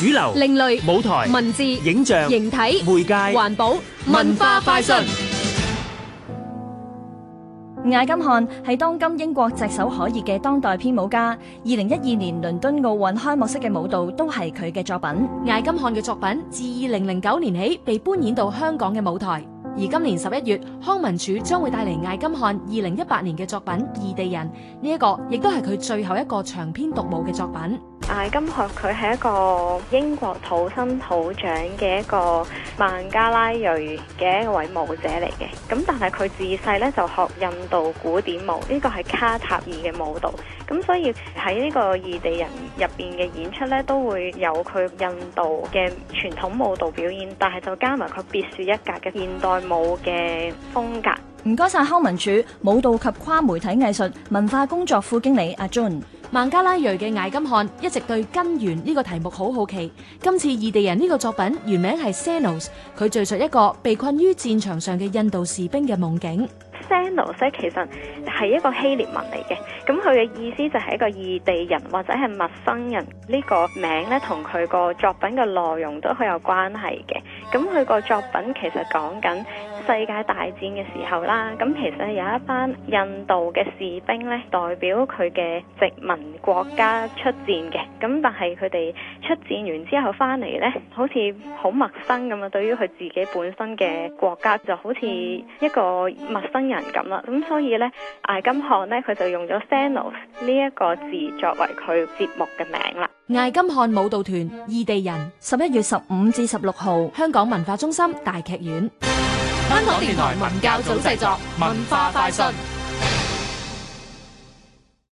主流、另類舞台、文字、影像、形體、媒介、環保、文化快訊。艾金漢係當今英國炙手可熱嘅當代編舞家，二零一二年倫敦奧運開幕式嘅舞蹈都係佢嘅作品。艾金漢嘅作品自二零零九年起被搬演到香港嘅舞台，而今年十一月康文署將會帶嚟艾金漢二零一八年嘅作品《異地人》，呢一個亦都係佢最後一個長篇獨舞嘅作品。係金、啊、學，佢係一個英國土生土長嘅一個孟加拉裔嘅一位舞者嚟嘅。咁但係佢自細咧就學印度古典舞，呢個係卡塔爾嘅舞蹈。咁所以喺呢個異地人入邊嘅演出咧，都會有佢印度嘅傳統舞蹈表演，但係就加埋佢別樹一格嘅現代舞嘅風格。唔該晒，康文署舞蹈及跨媒體藝術文化工作副經理阿 John。孟加拉裔嘅艾金漢一直對根源呢個題目好好奇。今次異地人呢個作品原名係 Sanos，佢敘述一個被困於戰場上嘅印度士兵嘅夢境。Xenos 其實係一個希臘文嚟嘅，咁佢嘅意思就係一個異地人或者係陌生人呢個名咧，同佢個作品嘅內容都好有關係嘅。咁佢個作品其實講緊世界大戰嘅時候啦，咁其實有一班印度嘅士兵咧，代表佢嘅殖民國家出戰嘅。咁但係佢哋出戰完之後翻嚟咧，好似好陌生咁啊！對於佢自己本身嘅國家就好似一個陌生人。咁啦，咁所以咧，艾金漢咧，佢就用咗 Sano 呢一個字作為佢節目嘅名啦。艾金漢舞蹈團《異地人》，十一月十五至十六號，香港文化中心大劇院。香港電台文教組製作，文化快訊。